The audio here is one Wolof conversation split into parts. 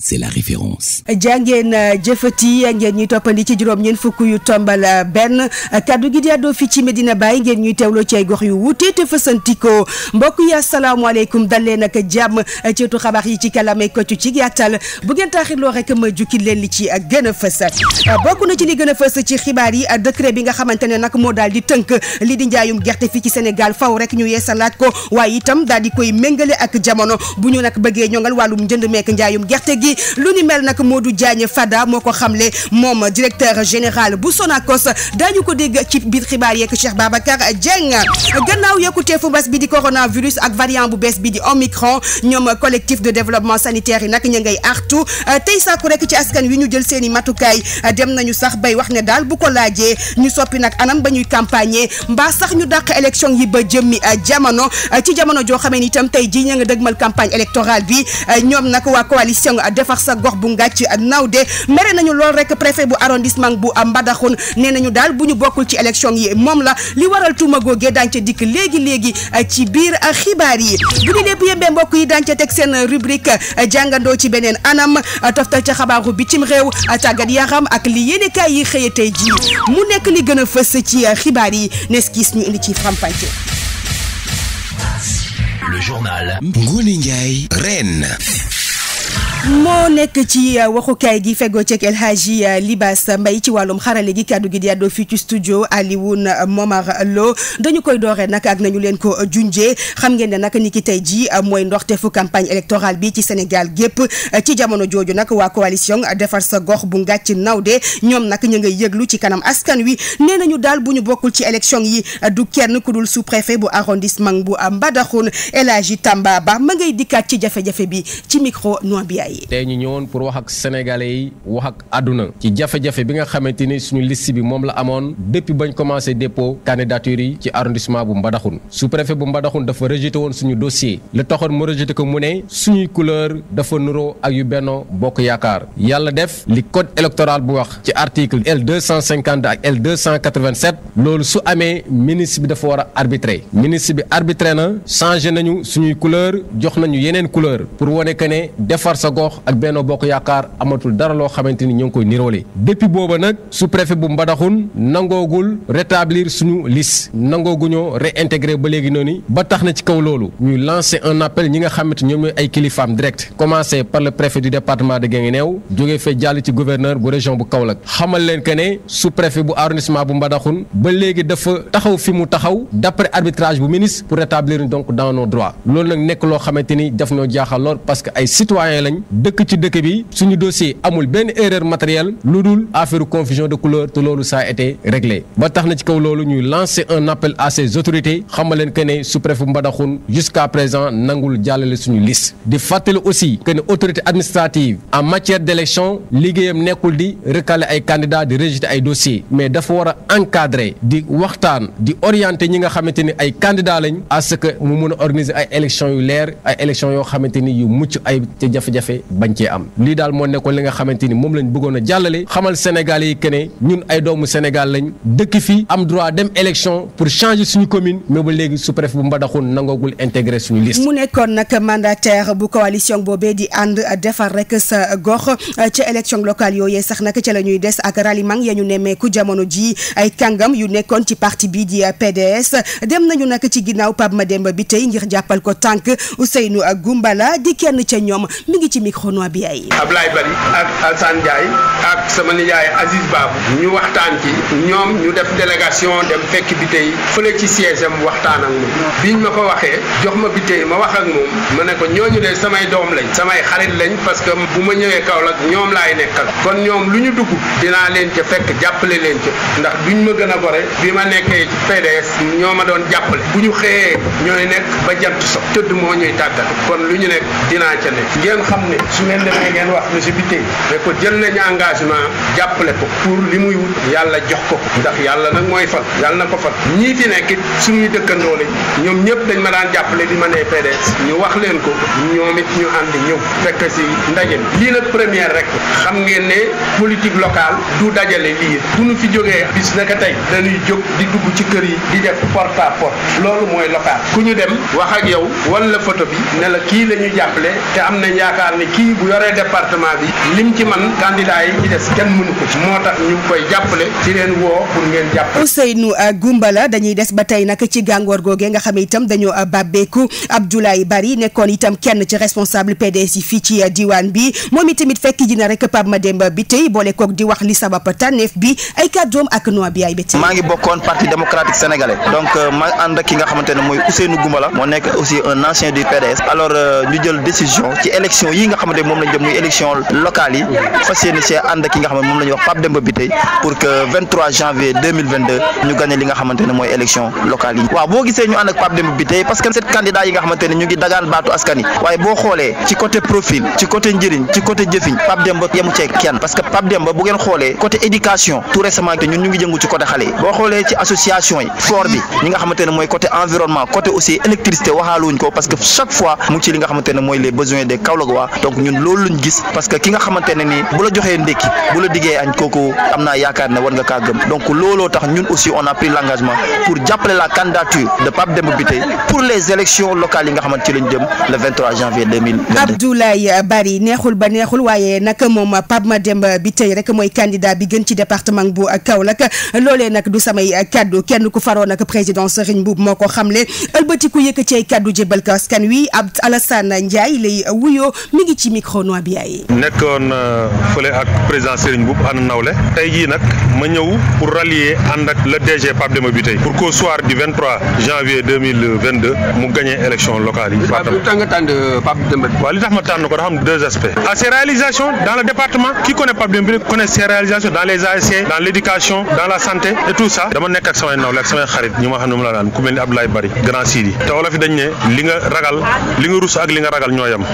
c'est la référence. jàngeen euh, jëfati ngeen ñuy toppandi ci juróom ñeen fukk yu tombal euh, benn kaddu gi di àddoo fii ci médina Baye ngeen ñuy teewloo ci ay gox yu wuute te fësantikoo mbokk yi asalaamaaleykum dal leen ak jàmm euh, ci ëttu xabaar yi ci kàllaamay kocc ci gàttal bu ngeen loo rek ma jukki leen li ci gën a fës. bokk na ci li gën a fës ci xibaar yi décret bi nga xamante ne nag moo daal di tënk li di njaayum gerte fii ci Sénégal faw rek ñu yeesalaat ko waaye itam daal di koy méngale ak jamono bu ñu nag bëggee ñongal wàllum njënd meek njaayum gerte gi gi lu ni mel nag Modou Diagne Fada moo ko xamle moom directeur général bu Sonacos daañu ko dégg ci biir xibaar yeeg Cheikh Babacar Dieng gannaaw yokkuteefu mbas bi di coronavirus ak variant bu bees bi di Omicron ñoom collectif de développement sanitaire yi nag ñu ngay artu tey sàkku rek ci askan wi ñu jël seen i matukaay dem nañu sax bay wax ne daal bu ko laajee ñu soppi nag anam ba ñuy campagner mbaa sax ñu dàq élection yi ba jëmmi euh, jamono ci jamono joo xamee ni itam tey jii ña nga dëgmal campagne électorale bi euh, ñoom defar sa gox bu ngàcc de mere nañu lool rek préfet bu arrondissement bu Mbadakhoune nee nañu daal bu ñu bokkul ci élection yi moom la li waral tuuma googee daañu ca dikk léegi léegi eh, ci biir eh, xibaar yi bu ñu lépp mbokk yi daañu ca teg seen rubrique eh, jàngandoo ci beneen anam toftal ca xabaaru bitim réew tàggat yaram ak li yéenekaay yi xëyee tey ji mu nekk li gën a fës ci xibaar yi neskis ñu indi ci faram-fàcce Le journal Ngoné moo nekk ci euh, waxukaay gi fego ceeg El Hadji euh, Libas Mbaye ci wàllum xarale gi kàddu gi di àddoo fii ci studio Alioune Momar Lo dañu koy dooree nag ak nañu leen ko euh, junjee xam ngeen ne nag ni ki tey jii mooy fu campagne électorale bi ci Sénégal gépp ci jamono jooju nag waa coalition defar sa gox bu ngàcc de ñoom nag ñu ngay yëglu ci kanam askan wi nee ñu daal bu ñu bokkul ci élection yi du kenn ku dul sous préfet bu arrondissement bu Mbadakhoune El Hadji Tamba Ba ma ngay ci jafe bi ci micro bi bàyyi. tey ñu ñëwoon pour wax ak sénégalais yi wax ak àdduna ci jafe-jafe bi nga xamante ni suñu liste bi moom la amoon depuis bañ commencé dépôt candidature yi ci arrondissement bu Mbadakhoune sous-préfet bu Mbadakhoune dafa rejeté woon suñu dossier la taxoon mu rejeté ko mu ne suñuy couleur dafa nuroo ak yu Benno Bokk Yaakaar yàlla def li code électoral bu wax ci article L 250 ak L 287 loolu su amee ministre bi dafa war a arbitré ministre bi arbitré na changé nañu suñuy couleur jox nañu yeneen couleur Gox ak Benno Bokk Yaakaar amatul dara loo xamante ni ñu ngi koy niroole depuis booba nag su préfet bu Mbadakhoune nangoogul rétablir suñu liste nangooguñoo réintégré ba léegi noonu ba tax na ci kaw loolu ñuy lancer un appel ñi nga xamante ñoom ñooy ay kilifaam direct commencé par le préfet du département de Guinguinéo jógee fee jàll ci gouverneur bu région bu kaw Kaolack xamal leen que ne su préfet bu arrondissement bu Mbadakhoune ba léegi dafa taxaw fi mu taxaw d'après arbitrage bu ministre pour rétablir donc dans loolu nag nekk loo xamante ni daf ñoo jaaxal lool parce que ay citoyens lañ dëkk ci dëkk bi suñu dossier amul benn erreur matérielle lu dul affaire confusion de couleur te loolu ça été réglé ba tax na ci kaw loolu ñuy lancer un appel à autorité autorités xamal leen que ne sous-préfet bu Mbadakhoune jusqu'à présent nangul jàllale suñu liste di fàttali aussi que ne autorité administrative en matière d'élection liggéeyam nekkul di recaler ay candidats di rejeter ay dossiers mais dafa war a encadrer di waxtaan di orienter ñi nga xamante ni ay candidats lañ à que mu mun a organiser ay élections yu leer ay élections yoo xamante ni yu mucc ay te jaare bañ cee am lii daal moo nekkoon li nga xamante ni moom lañ bëggoon jàllale xamal Sénégal yi que ñun ay doomu Sénégal lañ dëkk fi am droit dem élection pour changer suñu commune mais ba léegi sous mu nekkoon nag mandataire bu coalition boobee di ànd defar rek sa gox ca élection locale sax nag ca la ñuy des ak ralliement ya ñu nemmeeku jamono ji ay kàngam yu nekkoon ci parti bii di PDS dem nañu nag ci ginnaaw ma Mademba bi tey ngir jàppal ko tànk Ousseynou Goumbala di kenn ca ñoom micro noa bi ay Ablaye Bari ak Assane Ndiaye ak sama nijaay Aziz Babou ñu waxtaan ci ñoom ñu def délégation dem fekk bité fu fële ci siège am waxtaan ak moom biñ ma ko waxee jox ma bité yi ma wax ak moom ma ne ko ñooñu de samay doom lañ samay xarit lañ parce que bu ma ñëwee Kaolack ñoom laay nekkal kon ñoom lu ñu dugg dinaa leen ca fekk jàppale leen ca ndax duñ ma gën a gore bi ma nekkee ci ñoo ma doon jàppale bu ñu xëyee ñooy nekk ba jant so tëdd moo ñuy tàggat kon lu ñu nekk dinaa ca nekk ngeen xam ne su ngeen demee ngeen wax ñu si bittee mais ko jël nañu engagement jàppale ko pour li muy wut yàlla jox ko ndax yàlla nag mooy fal yàlla na ko fal ñii fi nekk it suñuy dëkkandoo lañ ñoom ñëpp dañ ma daan jàppale di ma nee PDS ñu wax leen ko ñoom it ñu ànd ñëw fekk si ndaje bi lii nag première rek xam ngeen ne politique locale du dajale lii bu ñu fi jógee bis naka tey dañuy jóg di dugg ci kër yi di def porte à loolu mooy local ku ñu dem wax ak yow kii bu yoree département bi lim ci man candidat ci des kenn mënu ko ci moo tax ñu koy jàppale ci leen woo pour ngeen jàppale. Ousseynou euh, Goumbala dañuy des ba tey nag ci gàngoor googee nga xam ne itam dañoo euh, bàbbeeku Abdoulaye Bari nekkoon itam kenn ci responsable PDS yi fii ci euh, diwaan bi moom itamit fekk ji na rek ma Mademba bi tey boole kook di wax li sabab tànneef bi ay kàddoom ak noa bi ay bett. maa ngi bokkoon parti démocratique sénégalais donc ma ki nga xamante ne mooy Ousseynou Goumbala moo nekk aussi un ancien du PDS alors ñu jël moom lañ jëm muy élection locale yi fas yéene see ànd ki nga xam ne moom la ñuy wax Pape Demba Bitèye pour que 23 janvier 2022 ñu gagné li nga xamante ne mooy élection locale yi waaw boo gisee ñu ànd ak Pape Demba Bitèye parce que sept candidats yi nga xamante ne ñu ngi dagaan baatu askan yi waaye boo xoolee ci côté profil ci côté njëriñ ci côté jëfiñ Pape Demba yemu cee kenn parce que Pape Demba bu ngeen xoolee côté éducation tout récemment ñu ngi jëngu ci côté xale yi boo xoolee ci association yi fort bi ñi nga xamante mooy côté donc ñun loolu ñu gis parce que ki nga xamante ne nii bu la joxee ndékki bu la diggee añ kooku am naa yaakaar na war nga kaa gëm donc looloo tax ñun aussi on a pris l'engagement pour jàppale la candidature de Pape Demba Bitèye pour les élections locales yi nga xamante ci lañ jëm le 23 janvier 2022. Abdoulaye Barry neexul ba neexul waaye nag moom Pape Demba Bitèye rek mooy candidat bi gën ci département bu Kaolack loolee nag du samay kaddu kenn ku faroon ak président Serigne Mboup moo ko xamle ëlbatiku yëkk ci ay kaddu jébal ko askan wi Abd Alassane Ndiaye lay wuyoo. léegi ci micro noir bi ay nekkoon euh, fële ak président Serigne Boub ànd nawle tey jii nag ma ñëw pour rallier ànd ak le DG Pape Demba bi tey pour qu'au soir du 23 janvier 2022 mu gagné élection locale yi. Pape lu tax nga tànn euh, Pape Demba. waaw li tax ma tànn ko dafa am deux aspects. à ses réalisations dans le département qui connaît Pape Demba bi connaît ses réalisations dans les ASC dans l'éducation dans la santé et tout ça dama nekk ak samay nawle ak samay xarit ñi ma xam ne mu la daan ku mel ni Abdoulaye Bari grand li nga ragal ñoo yam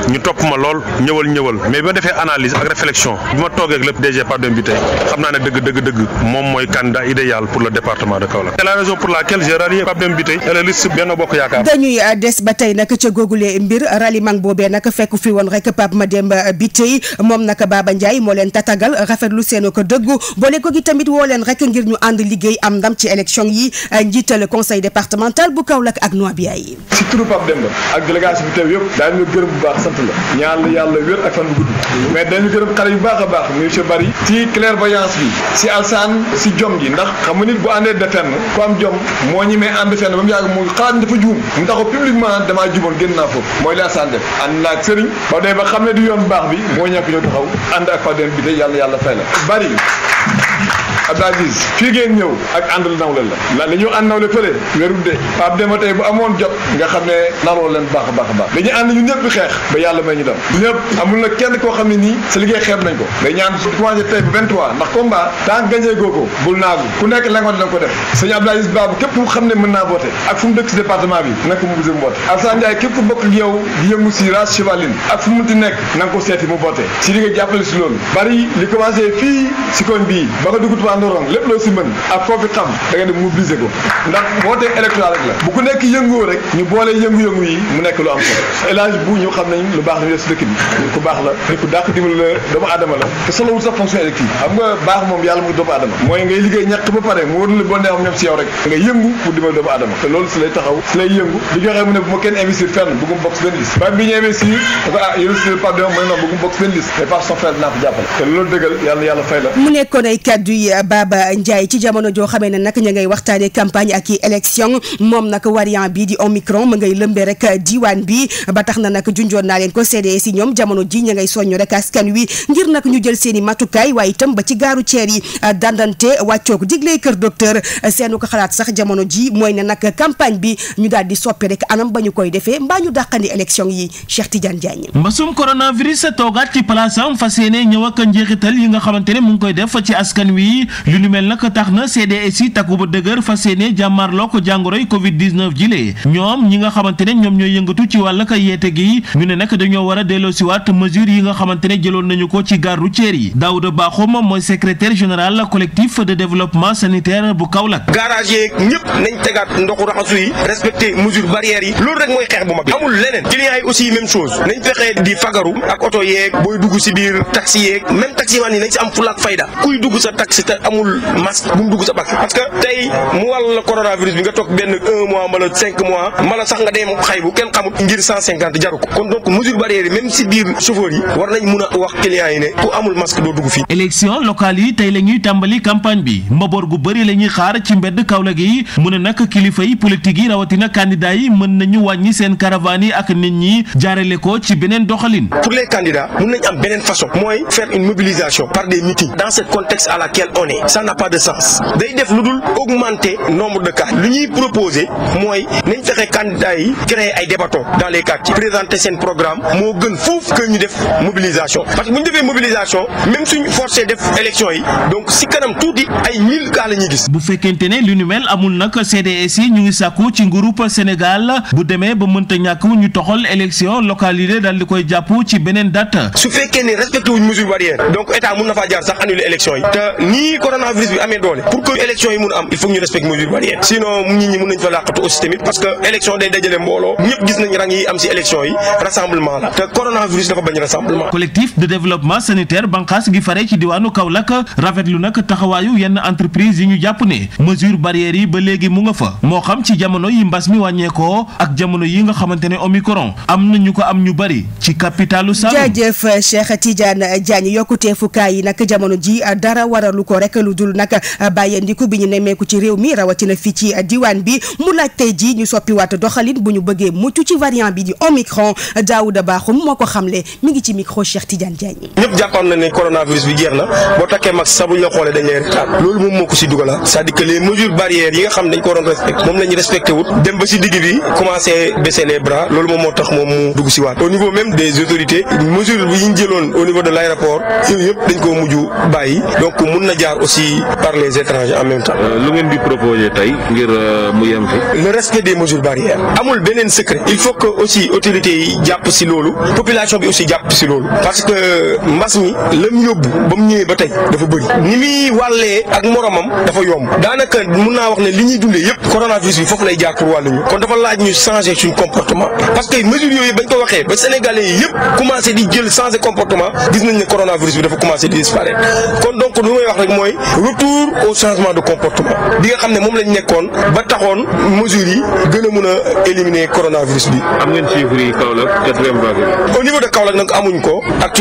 ñëwal ñëwal mais bi ma defee analyse ak réflexion bi ma toogee ak lépp DG Padoum bi tey xam naa ne dëgg dëgg dëgg moom mooy candidat idéal pour le département de Kaolack c'est la raison pour laquelle j'ai rallié bi tey et Bokk Yaakaar dañuy des ba tey nag ca googulee mbir ralliement boobee nag fekk fi woon rek Pape Mademba bi tey moom nag Baba Ndiaye moo leen tatagal rafetlu seenu ko dëggu boole ko gi tamit woo leen rek ngir ñu ànd liggéey am ndam ci élection yàlla wér ak fan bu gudd mais dañu gërëm xale yu baax a baax monsieur Bari ci clairvoyance bi si alsaan si jom ji ndax xam nga nit bu àndee de fenn ku am jom moo ñi mee ànd fenn ba mu yàgg mu xalaat dafa juum mu taxaw publiquement damaa juumoon génn naa foofu mooy la alsaan def ànd naa ak sëriñ ba dee ba xam ne du yoon baax bi moo ñàkk ñëw taxaw ànd ak fa den bi te yàlla yàlla fay la bari Abdou Aziz fii ngeen ñëw ak àndal nawle la la ñu ànd nawle fële wérul de Pape Demba tey bu amoon jot nga xam ne naroo leen baax a baax a baax dañuy ànd ñu ñëpp di xeex ba yàlla may ñu dem ñëpp amul na kenn koo xam ne nii sa liggéey xeeb nañ ko day ñaan commencé tey bu 23 ndax combat tant gagné gooko bul naagu ku nekk la nga dina ko def sëñ Abdou Aziz Babou képp ku xam ne mën naa voté ak fu mu dëkk si département bi nanga ko mu bisi mu voté gendarme lépp loo si mën ak foofu xam da nga dem mobiliser ko ndax woote électoral rek la bu ku nekk yëngu rek ñu boole yëngu-yëngu yi mu nekk lu am solo élage la ñu def si te solo wut sax yàlla mu la mu ne bu ma kenn Baba Ndiaye ci jamono joo xamee ne nag ña ngay waxtaanee campagne ak i élection moom nag variant bi di Omicron mu ngay lëmbee rek diwaan bi ba tax na nag junjoon naa leen ko CDS yi ñoom jamono ji ña ngay soññu rek askan wi ngir nag ñu jël seen i matukaay waaye itam ba ci gaaru ceer yi dandante wàccoog digle kër docteur seenu ko xalaat sax jamono ji mooy ne nak campagne bi ñu daal di soppi rek anam ba ñu koy defee mbaa ñu dàqandi élection yi Cheikh Tidiane Diagne. mbasum coronavirus toogaat ne mu ngi li nu mel nag tax na CDS takku ba dëgër fas yéene jàmmarloo ko jàngoroy Covid 19 jilee ñoom ñi nga xamante ne ñoom ñooy yëngatu ci wàll ka yeete gi ñu ne nag dañoo war a delloosiwaat mesure yi nga xamante ne jëloon nañu ko ci gare routière yi Daouda Bakhoum mooy secrétaire général collectif de développement sanitaire bu Kaolack. garage yeeg ñëpp nañ tegaat ndoxu raxasu yi respecté mesure barrières yi loolu rek mooy xeex bu mag bi amul leneen clients yi aussi même chose nañ fexee di fagaru ak oto yeeg booy dugg si biir taxi yeeg même taximan yi nañ si am fulaak fayda kuy dugg amul masque bu mu dugg sa bakk parce que tey mu wàll coronavirus bi nga toog benn un mois mbala cinq mois mbala sax nga dem xay bu kenn xamul ngir cent cinquante jaru ko kon donc mesure barrière yi même si biir chauffeur yi war nañ mun a wax clients yi ne ku amul masque doo dugg fii. élection locale yi tey la ñuy tàmbali campagne bi mbaboor gu bëri la ñuy xaar ci mbedd Kaolack yi mu ne nag kilifa yi politique yi rawatina candidat yi mën nañu wàññi seen caravane yi ak nit ñi jaarale ko ci beneen doxalin. pour les candidats mun nañ am beneen façon mooy faire une mobilisation par année ça n'a pas de sens day def lu dul augmenter nombre de cas li ñuy proposer mooy nañ fexe candidat créer ay débattons dans les quartiers présenter seen programme moo gën foofu que ñu def mobilisation parce que bu ñu defee mobilisation même suñ forcé def élection yi donc si kanam tuuti ay mille cas la ñuy gis. bu fekkente ne lu ni mel amul nag CDS yi ñu ngi sàkku ci groupe Sénégal bu demee ba mënta ñàkk ñu toxal élection localité daal di koy jàpp ci beneen date. su fekkee ne respecté wuñ mesure barrière donc état mu na faa jaar sax annuler élection yi coronavirus bi amee doole pour que élection yi mun am il faut ñu respecter mesure barrière sinon nit ñi mun nañ fa làqatu aussi tamit parce que élection day dajale mbooloo ñëpp gis nañ rang yi am si élection yi rassemblement la te coronavirus dafa bañ rassemblement. collectif de développement sanitaire banqaas gi fare ci diwaanu Kaolack rafetlu nag taxawaayu yenn entreprise yi ñu jàpp ne mesure barrière yi ba léegi mu nga fa moo xam ci jamono yi mbas mi wàññeekoo ak jamono yi nga xamante ne omicron am na ñu ko am ñu bari ci capitalu Saloum. jaajëf Cheikh Tidiane Diagne yokkutee fukaay yi nag jamono ji uh, dara waralu ko rek lu dul nag uh, bàyyandiku bi ñu nemmeeku ci réew mi rawatina fii ci uh, diwaan bi mu laaj tey jii ñu soppiwaat doxalin bu ñu bëggee mucc ci variant bi di Omicron Daouda Bakhoum moo ko xamle mi ngi ci micro Cheikh Tidiane Diagne. ñëpp jàppoon na ne coronavirus bi jeex na boo takkee mag sax bu ñu la xoolee dañ lay retard loolu moom moo ko si dugal ah. c'est-à-dire que les mesures yi nga xam dañ ko waroon respecté moom la ñu respecté wut dem ba si digg bi commencé baisser les moom moo tax moom mu dugg si waat des autorités mesure yi ñu jëloon au l' aéroport yooyu yëpp dañ koo mujj bàyyi donc mun na jaar aussi par les étrangers en même temps. Euh, lu ngeen di proposer tey ngir euh, mu yem fi. le respect des mesures barrières amul beneen secret il faut que aussi autorités yi jàpp si loolu population bi aussi jàpp si loolu parce que euh, mbas mi la mu yóbbu ba mu ñëwee ba tey dafa bëri ni muy wàllee ak moromam dafa yomb daanaka mun naa wax ne li ñuy dundee yëpp coronavirus bi foofu lay jaar yi yëpp commencé di jël changer comportement gis nañ ne coronavirus di nga xam ne moom lañ nekkoon ba taxoon mesures yi gën a mun a éliminer coronavirus bi. am ngeen chiffres yi Kaolack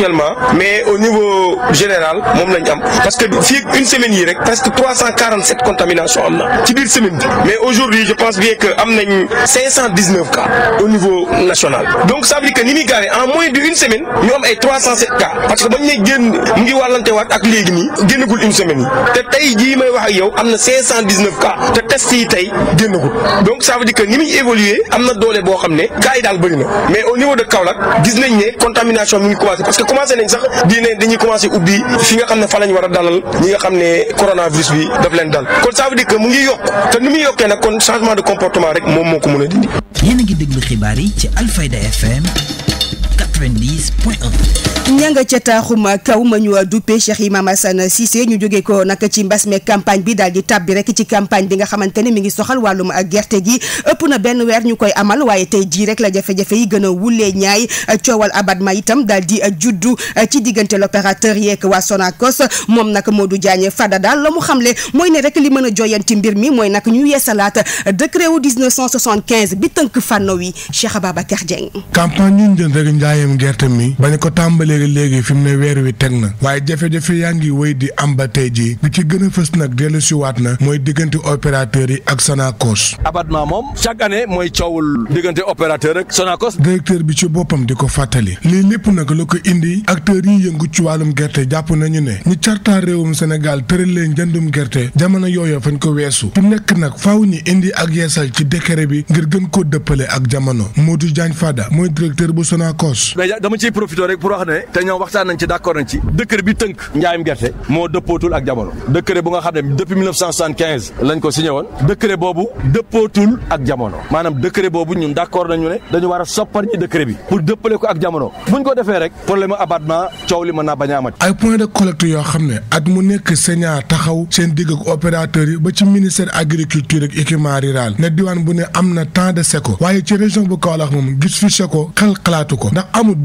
mais au niveau général moom lañ am parce que fii une semaine yii rek presque 347 contaminations am na ci biir semaine bi mais aujourd'hui je pense bien que am nañ 519 cas au niveau national donc ça ni muy gaawee en moins de une semaine ñu am ay 307 cas parce que bañ ne génn mu ngi wàllante waat ak léegi nii génnagul une semaine yi te tey jii may wax ak yow am na 519 cas te test yi tey génnagul donc ça veut dire que ni muy évoluer am na doole boo xam ne cas yi daal bëri na mais au niveau de Kaolack gis nañ ne contamination mi ngi commencé parce que commencé nañ sax di ne dañuy commencé ubbi fi nga xam ne fa lañ war a dalal ñi nga xam ne coronavirus bi daf leen dal kon ça ngi yokk te ni muy yokkee nag kon changement de comportement moo ko mën a dindi. yéen yi ci Alfayda 90 point 1 ña nga ca taaxum kaw ma ñu duppe Cheikh Imam Assane Cissé ñu jóge ko nag ci mbas me bi daal di rek ci campagne bi nga xamante ne mi ngi soxal wàllum gerte gi ëpp na benn weer ñu koy amal waaye tey jii rek la jafe yi gën a wulee ñaay coowal abattement itam daal di juddu ci diggante l'opérateur yeeg waa Sonacos moom nag Modou Diagne Fada daal la mu xamle mooy ne rek li mën a jooyanti mbir mi mooy nag ñu yeesalaat décret wu 1975 bi tënk fànn wi Cheikh Ababacar Dieng. campagne ñu jël rek njaayam gerte mi bañ ko tàmbalee léegi léegi fi mu ne weer wi teg na waaye jafe-jafe yaa ngi wéy di am ba tey jii bi ci gën a fës nag dellu si waat na mooy diggante opérateur yi ak Sonacos. abattement moom chaque année mooy coowul diggante opérateur ak Sonacos. directeur bi ci boppam di ko fàttali lii lépp nag la ko indi acteurs yi yëngu ci wàllum gerte jàpp nañu ne ñu cartaa réewum Sénégal tëralee njëndum gerte jamono yooyu fañ ko weesu fi nekk nag faw ñi indi ak yeesal ci décret bi ngir gën koo dëppale ak jamono Modou Diagne Fada mooy directeur bu Sonacos. décret te ñoom waxtaan nañ ci d'accord nañ ci décret bi tënk njaayum gerte moo dëppootul ak jamono décret bu nga xam ne depuis 1975 lañ ko signé woon décret boobu dëppootul ak jamono maanaam décret boobu ñun d'accord nañu ne dañu war a soppar ñi décret bi pour dëppale ko ak jamono buñ ko defee rek problème abattement coow li mën naa bañ a amati ay point de collecte yoo xam ne at mu nekk Sénat taxaw seen digg ak yi ba ci ministère agriculture ak équipement rural ne diwaan bu ne am na temps de seko waaye ci ko ndax amul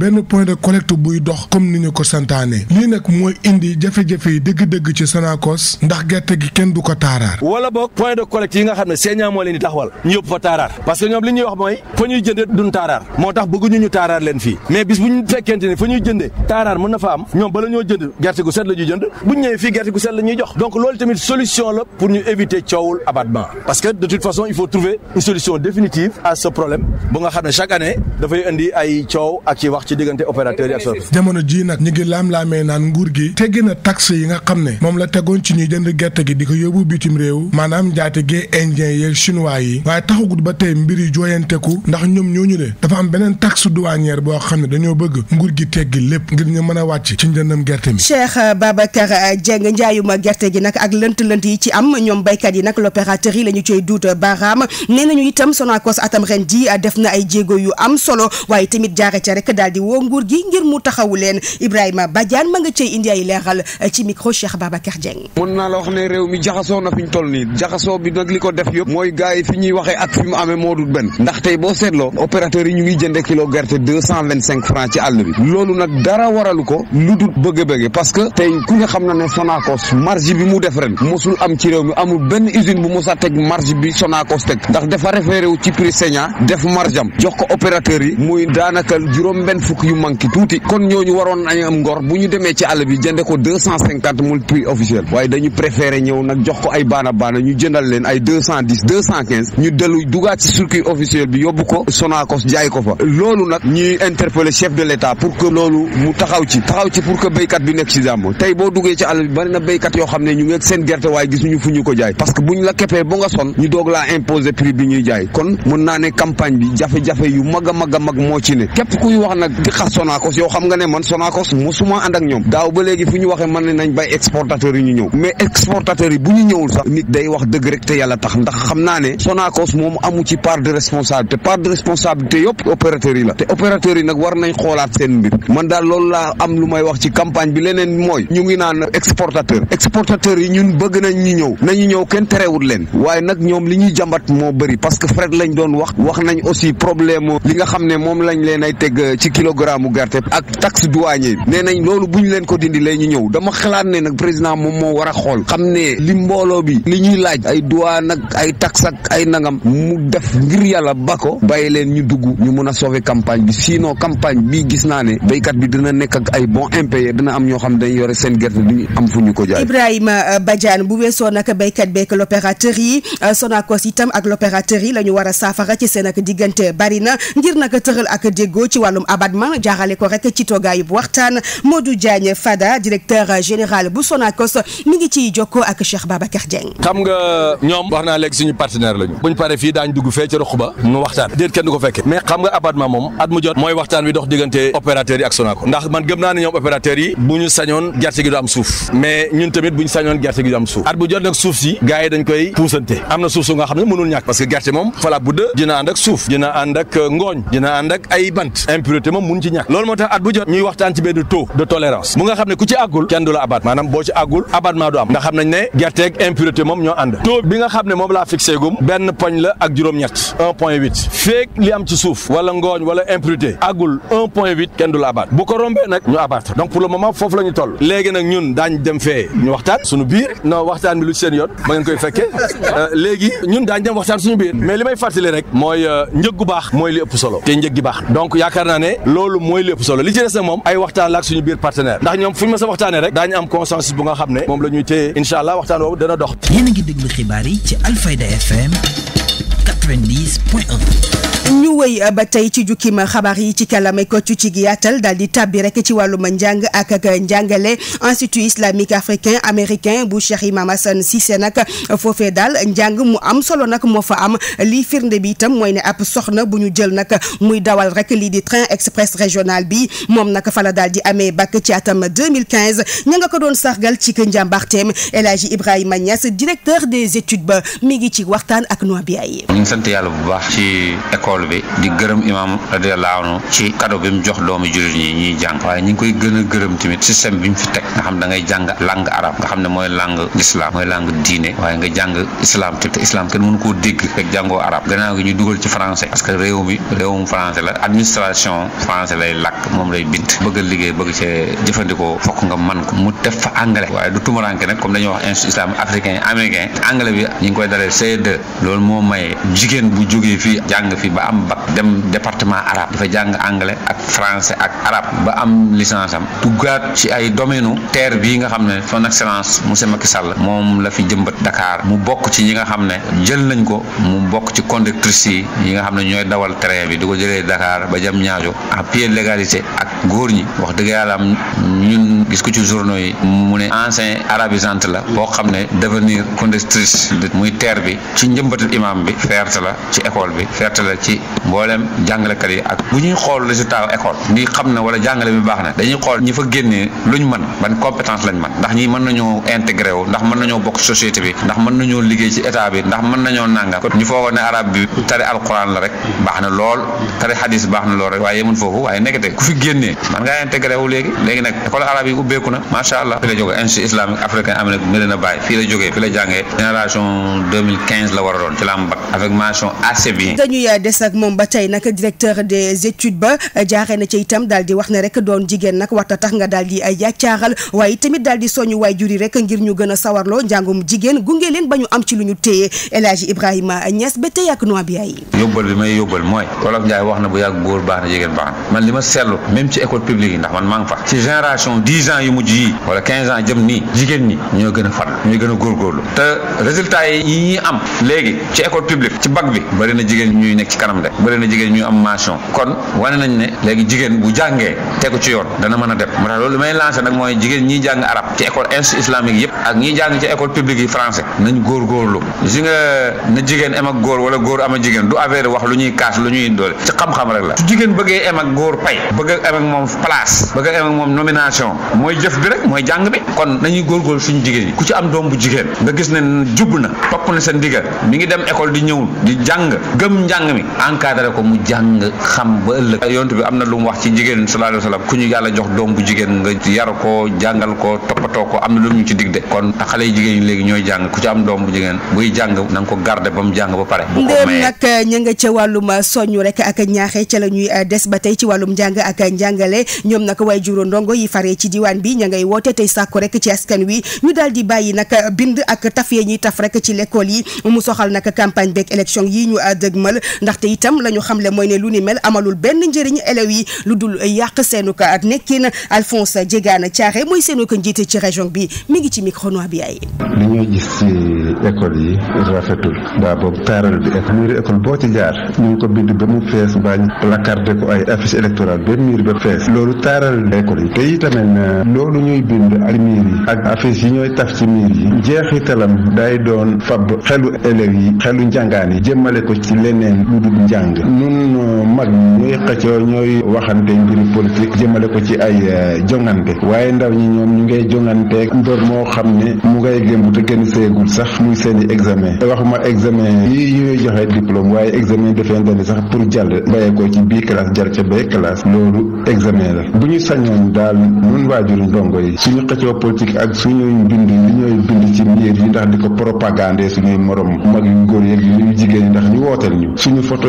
dox comme ni ñu ko santaane lii nag mooy indi jafe-jafe yi dëgg-dëgg ci Sonacos ndax gerte gi kenn du ko taaraar wala boog point de collecte yi nga xam ne seeñaa moo leen di taxawal ñu yóbbu fa taaraar parce que ñoom li ñuy wax mooy fa ñuy jënde duñ taaraar moo tax bëgguñu ñu taaraar leen fii mais bis bu ñu fekkente ne fa ñuy jënde taaraar mën na fa am ñoom bala ñoo jënd gerte gu set la ñuy jënd bu ñu ñëwee fii gerte gu set la ñuy jox donc loolu tamit la pour ñu éviter coowul abattement parce que de toute façon il faut trouver une xam ne chaque année dafay indi ay coow ak ci wax ci diggante opérateur yi jamono ji nag ñu laam laam-laamee naan nguur gi teggi na taxe yi nga xam ne moom la tegoon ci ñuy jënd gerte gi di ko yóbbu bitim réew maanaam njaatige indien yeeg chinois yi waaye taxagut ba tey mbir yi jooyanteku ndax ñoom ñooñu le dafa am beneen taxe douanière boo xam ne dañoo bëgg nguur gi teggi lépp ngir ñu mën a wàcc ci njëndam gerte mi Cheikh Babacar Dieng njaayuma gerte gi nag ak lënt-lënt yi ci am ñoom béykat yi nag l'opérateur yi la lañu cay duut baaraam ne nañu itam Sonacos atam ren ji def na ay jéego yu am solo waaye tamit jaare ca rek daal di woo nguur gi ngir mu taxaw taxawu leen Ibrahima Badiane ma nga cay indi ay eh, ne réew mi jaxasoo na fi ñu toll nii jaxasoo bi nag li ko def mooy gars yi fi ñuy waxee ak fi mu amee moo benn ndax boo seetloo yi ñu ngi jëndee kilo gerte deux cent vingt cinq franc ci àll bi loolu nag dara waralu ko lu dul bëgg-bëgg parce que tey ku nga xam na ne Sonacos marge bi mu def ren mosul am ci réew mi amul benn usine bu mos a teg marge bi Sonacos teg ndax dafa référé wu ci prix saignant def marge am jox ko opérateur yi muy daanaka juróom-benn fukk yu manqué tuuti kon ñooñu waroon nañu am ngor bu ñu demee ci àll bi jënde ko deux cent cinquante mille prix officiel waaye dañu préféré ñëw nag jox ko ay baana baana ñu jëndal leen ay deux cent dix deux cent quinze ñu dellu dugaat ci circuit officiel bi yóbbu ko Sonacos jaay ko fa loolu nag ñuy interpeller chef de l'état pour que loolu mu taxaw ci taxaw ci pour que béykat bi nekk ci jàmm tey boo duggee ci àll bi bari na yoo xam ne ñu ngi seen gerte waaye gisuñu fu ñu ko mag moo ci ne man Sonacos mosuma ànd ak ñoom daaw ba léegi fu ñu waxee mën nañ bay exportateur yi ñu ñëw mais exportateur yi bu ñu ñëwul sax nit day wax dëgg rek te yàlla tax ndax xam naa ne Sonacos moom amu ci part de responsabilité part de responsabilité yëpp opérateur yi la te opérateur yi nag war nañ xoolaat seen mbir man daal loolu laa am lu may wax ci campagne bi leneen mooy ñu ngi naan exportateur exportateur yi ñun bëgg nañ ñu ñëw nañu ñëw kenn terewul leen waaye nag ñoom li ñuy jàmbat moo bëri parce que fret lañ doon wax wax nañ aussi li nga xam ne moom lañ leen ay teg ci kilogramme gerte ak taxe douanier bi nee nañ loolu bu ñu leen ko dindi lay ñu ñëw dama xalaat ne nag président moom moo war a xool xam ne li mbooloo bi li ñuy laaj ay douane ak ay taxe ak ay nangam mu def ngir yàlla ba ko bàyyi leen ñu dugg ñu mën a sauver campagne bi sinon campagne bi gis naa ne béykat bi dina nekk ak ay bon impayé dina am ñoo xam dañ yore seen gerte duñu am fu ñu ko jaay. Ibrahima euh, Badiane bu weesoo nag béykat beek l'opérateur yi euh, Sonacos itam ak l'opérateur yi la ñu war a saafara ci seen ak na ngir nag tëral ak déggoo ci wàllum abattement toogayub waxtaan Modou Diagne Fada directeur général bu Sonacos mi ngi ciy jokkoo ak Cheikh Babacar Dieng. xam nga ñoom wax naa léegi suñu partenaire lañu buñ paree fii daañu dugg fee ca ruq ba nu waxtaan déet kenn ko fekkee mais xam nga abattement moom at mu jot mooy waxtaan wi dox diggante opérateurs yi ak Sonacos ndax man gëm naa ne ñoom opérateurs yi bu ñu sañoon gerte gi du am suuf mais ñun tamit bu ñu sañoon gerte gi du am suuf at bu jot nag suuf si gars yi dañ koy puusante am na suuf su xam ne mënul ñàkk parce que gerte moom fala budd dina ànd dina ànd ak ngooñ dina ak ay bant impureté moom moo tax at ñuy waxtaan ci benn taux de tolérance bu nga xam ne ku ci àggul kenn du la abat maanaam boo ci àggul abattement du am ndax xam ne gerteeg impureté moom ñoo ànd taux bi nga xam ne moom laa fixé benn poñ la ak juróom-ñett 1 li am ci suuf wala ngooñ wala impureté àggul 1 point 8 kenn du la abat bu ko rombee nag ñu abattre donc pour le moment foofu la ñu léegi nag ñun daañ dem fee ñu waxtaan suñu biir non waxtaan bi lu seen yoon ba ngeen koy fekkee euh, léegi ñun daa dem waxtaan suñu biir mais li may fàttali rek mooy euh, njëggu baax mooy li ëpp solo te njëg gi nag moom ay waxtaan la ak suñu biir partenaire ndax ñoom fu ñu ma sa waxtaanee rek daañu am consensus bu nga xam ne moom la ñuy téye incha allah waxtaan woowu dana dox. yéen a ngi déglu xibaar yi ci Alfayda FM 90 point 1. ñu wéy eh, ba tey ci ma xabaar yi ci kàllaama kocc ci yaatal daal di tàbbi rek ci wàllum njàng ak ak njàngale institut islamique africain américain bu Cheikh Imam Hassan Cissé nag foofee daal njàng mu am solo nag moo fa am lii firnde bi itam mooy ne ab soxna bu ñu jël nag muy dawal rek lii di train express régional bi moom nag fa la daal di amee bac ci atam 2015 ña nga ko doon sargal ci njàmbaarteem El Hadji Ibrahima Niass directeur des études ba mi ngi ci waxtaan ak noa bi ay sant yàlla bu tool bi di gërëm imaam radiyallahu anhu ci kado bi mu jox doomu jullit ñi ñuy jàng waaye ñi ngi koy gën a gërëm tamit système bi mu fi teg nga xam da ngay jàng langue arab nga xam ne mooy langue l'islam mooy langue diine waaye nga jàng islam tamit te kenn mënu koo dégg jàngoo arab gannaaw gi ñu dugal ci français parce que réew mi réewum français la administration français lay làkk moom lay bind bëgg a liggéey bëgg cee jëfandikoo fokk nga man ko mu def am bac dem département arabe dafa jàng anglais ak français ak arab ba am licence am duggaat ci ay domaine terre bii nga xam ne son excellence monsieur Macky Sall moom la fi jëmbat Dakar mu bokk ci ñi nga xam ne jël nañ ko mu bokk ci conductrice yi yi nga xam ne ñooy dawal train bi di ko jëlee dakaar ba jëm ñaajo en pied légalité ak góor ñi wax dëgg yàlla am ñun gis ko ci journaux yi mu ne ancien arabisante la boo xam ne devenir conductrice muy terre bi ci njëmbatal imam bi ci mboolem jàngalekat yi ak bu ñuy xool résultat école ñuy xam na wala jàngale bi baax na dañuy xool ñi fa génnee luñ mën ban compétence lañ man ndax ñi mën nañoo intégré wu ndax mën nañoo bokk société bi ndax mën nañoo liggéey ci état bi ndax mën nañoo nàngam ñu foogoon ne arab bi tari alquran la rek baax na lool tari xadis baax na lool rek waaye yemul foofu waaye nekkate ku fi génnee man ngaa intégré wu léegi léegi nag école arab yi ubbeeku na macha allah fi la jógee institut islamique africain am na Medina Baye la war doon ci la am des ak moom ba tey nag directeur des études ba euh, jaaree na ci itam daal di wax ne rek doon jigéen nag a tax nga daal di euh, yàccaaral waaye tamit daal di soñu waay juri rek ngir ñu gën a sawarloo njàngum jigéen gunge leen ba ñu am ci lu ñu téye El Hadj Ibrahima Niass ba tey ak noa bi ay yóbbal bi may yóbbal mooy Wolof Njaay wax na bu yàgg góor baax na jigéen baax na man li ma seetlu même ci école publique yi ndax man maa ngi fa ci génération dix ans yu mujj yi jigéen ñi ñoo gën a farlu ñoo gën te résultat yi ñuy am léegi ci école publique ci bac bi bari na jigéen ñuy nekk kanam de bëri a dem moo tax loolu li may lancé nag mooy jigéen ñi jàng arab ci école institut islamique góor góor a lu ñuy kaas lu ñuy doole ci xam-xam rek la su jigéen bëggee em góor pay bëgg em moom place bëgg em moom nomination mooy jëf bi rek mooy jàng bi kon nañuy góorgóorlu suñu jigéen yi ku ci am doom bu jigéen nga gis ne jub na topp na sa ndigal mi ngi dem école di ñëwul di jàng gëm njàng mi encadré ko mu jàng xam ba ëllëg yonent bi am na lu mu wax ci jigéen sallallahu alayhi wa sallam ku ñu yàlla jox doom bu jigéen nga yar ko jàngal ko toppatoo ko am na lu ñu ci digde kon xale yi jigéen bu jigéen buy jàng na nga ko garder ba mu jàng ba pare bu ko mayee nag eh, ba tey ci wàllum njàng ak njàngale ñoom nag waaye juro yi faree ci bi ña ngay woote tey sàkku rek ci askan wi ñu daal di bàyyi nag eh, bind ak taf yee ñuy taf rek ci l'école yi mu soxal nag campagne beeg élection yi ñu eh, dëgmal ndaxte itam la ñu xamle mooy ne lu ni mel amalul benn njëriñ élèves yi lu dul yàq seenu ko ak nekkin Alphonse Diegane Thiaré mooy seenu ko njiite ci région bi mi ngi ci micro bi ay li ñuy gis ci école yi rafetul daa boobu taaral bi ek miiri école boo ci jaar ñu ngi ko bind ba mu fees mbaa ñu ko ay affiche électorale ba miir ba fees loolu taaral école yi te itamit loolu ñuy bind ak miir yi ak affiche yi ñooy taf ci miir yi jeexitalam day doon fab xelu élèves yi xelu njàngaan yi jëmmale ko ci leneen jàng nun euh, mag ñuy xëccoo ñooy waxante mbiri politique jëmale ko ci ay euh, jongante waaye ndaw ñi ñoom ñu ngay jonganteeg mbër moo xam ne mu ngay bu te kenn seegul sax muy seen i examen waxuma examen yi ñuy joxe diplôme waaye examen defee ndani sax pour jàll bàyyee ko ci bii classe jar ca bee classe loolu examen la bu ñu sañoon daal nun waajur ndongo yi suñu xëccoo politique ak suñuy bind li ñooy bind ci miir yi ndax di ko propagande suñuy morom mag yu ndax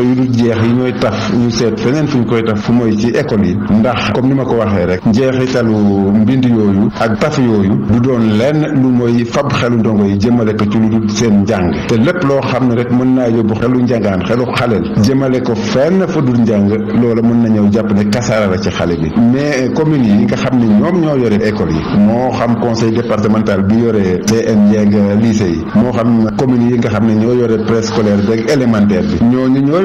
oto yu dul jeex yi ñooy taf ñu seet feneen fu ñu koy taf fu mooy ci école yi ndax comme ni ma ko waxee rek njeexitalu mbind yooyu ak taf yooyu du doon lenn lu mooy fab xelu ndongo yi jëmale ko ci lu dul seen njàng te lépp loo xam ne rek mën naa yóbbu xelu njàngaan xelu xaleel jëmale ko fenn fa dul njàng loola mën na ñëw jàpp ne kasaara la ci xale bi mais communes yi nga xam ne ñoom ñoo yore école yi moo xam conseil départemental bi yore CM yeeg lycée yi moo xam communes yi nga xam ne ñoo yore préscolaire beeg élémentaire bi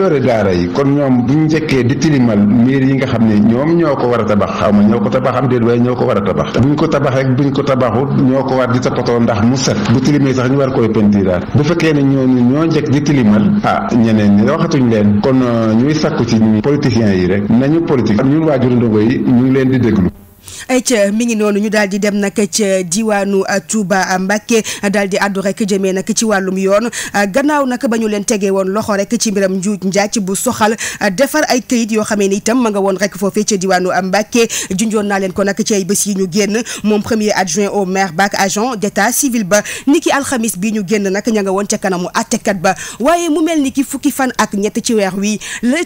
yore daara yi kon ñoom bu ñu njëkkee di tilimal miir yi nga xam ne ñoom ñoo ko war a tabax xaw ma ñoo ko tabax am déet waaye ñoo ko war a tabax bu ñu ko tabax rek bu ñu ko tabaxut ñoo ko war di toppatoo ndax mu set bu tilimee sax ñu war koy pentiraat bu fekkee ne ñooñu ñoo njëkk di tilimal ah ñeneen ñi waxatuñ leen kon euh, ñuy sàkku ci ñu politiciens yi rek nañu politique ñun waajur ndongo yi ñu ngi leen di déglu ay eh, ca mi ngi noonu ñu daal di dem nag ca diwaanu eh, Touba eh, Mbacké daal di àddu rek jëmee nag ci wàllum yoon gannaaw nag ba ñu leen tegee woon loxo rek ci mbiram njuuj njaac bu soxal defar ay këyit yoo xamee ni itam ma nga rek foofee ca diwaanu Mbacké junjoon naa leen ko nag ci ay bés ñu génn moom premier adjoint au maire baak agent d'état civil ba ni ki alxamis bi ñu génn nag ña nga woon ca kanamu attekat ba waaye mu mel ni fukki fan ak ñett ci weer wi la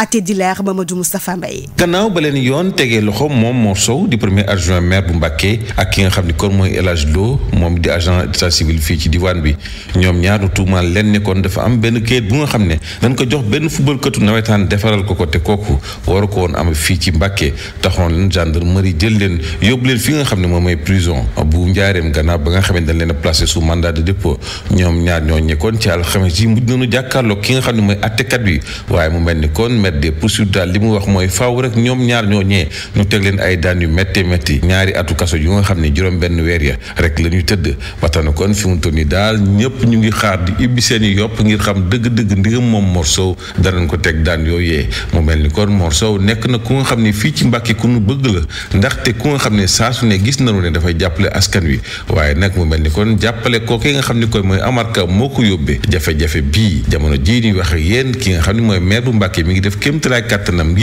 atte di leer Mamadou Moustapha Mbaye gannaaw ba leen yoon tegee loxo moom Mor Sow di premier adjoint maire bu Mbàkke ak ki nga xam ni kon mooy élage Hadj Lo moom di agent d'état civil fii ci diwaan bi ñoom ñaar tuumaal leen nekkoon dafa am benn kayit bu nga xam ne dañ ko jox benn footballkatu nawetaan defaral ko ko te kooku waru ko woon am fii ci Mbàkke taxoon leen gendarmerie jël leen yóbbu leen fi nga xam ne moom mooy prison bu njaareem gannaaw ba nga xam ne leen a placé sous mandat de dépôt ñoom ñoo ñekkoon ci alxames yi mujj nañu jàkkaarloo ki nga xam ne mooy attekat bi waaye mu mel ni kon maître des poursuites daal li mu wax mooy faaw rek ñoom ñaar ñoo ñee ñu teg leen ay daan yu métti métti métti ñaari atu kaso yu nga xam ne juróom benn weer ya rek la ñu tëdd ba tax kon fi mu toll nii daal ñëpp ñu ngi xaar di ibbi seen i yopp ngir xam dëgg-dëgg ndigam moom Mor Sow danañ ko teg daan yooyee mu mel ni kon Mor Sow nekk na ku nga xam ne fii ci Mbàkke ku nu bëgg la ndaxte ku nga xam ne saa ne gis nañu ne dafay jàppale askan wi waaye nag mu mel ni kon jàppale kooku nga xam ne koy mooy Amar Ka moo ko yóbbee jafe-jafe bii jamono jii ñuy wax yéen ki nga xam ne mooy maire bu Mbàkke mi ngi def kéemtalaay kàttanam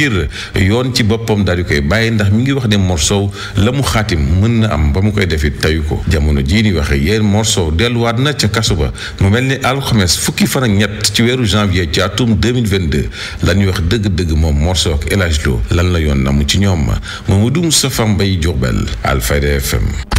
ngi wax ne Sow la mu xaatim mën na am ba mu koy defit tayu ko jamono jii ni waxee yéen Mor Sow delluwaat na ca kasu ba mu mel ni alxames fukki fan ak ñett ci weeru janvier ci atum 2022 la ñuy wax dëgg-dëgg moom Mor Sow ak El lan la yoon na mu ci ñoom Mamadou Moustapha Mbaye Diourbel Alfayda FM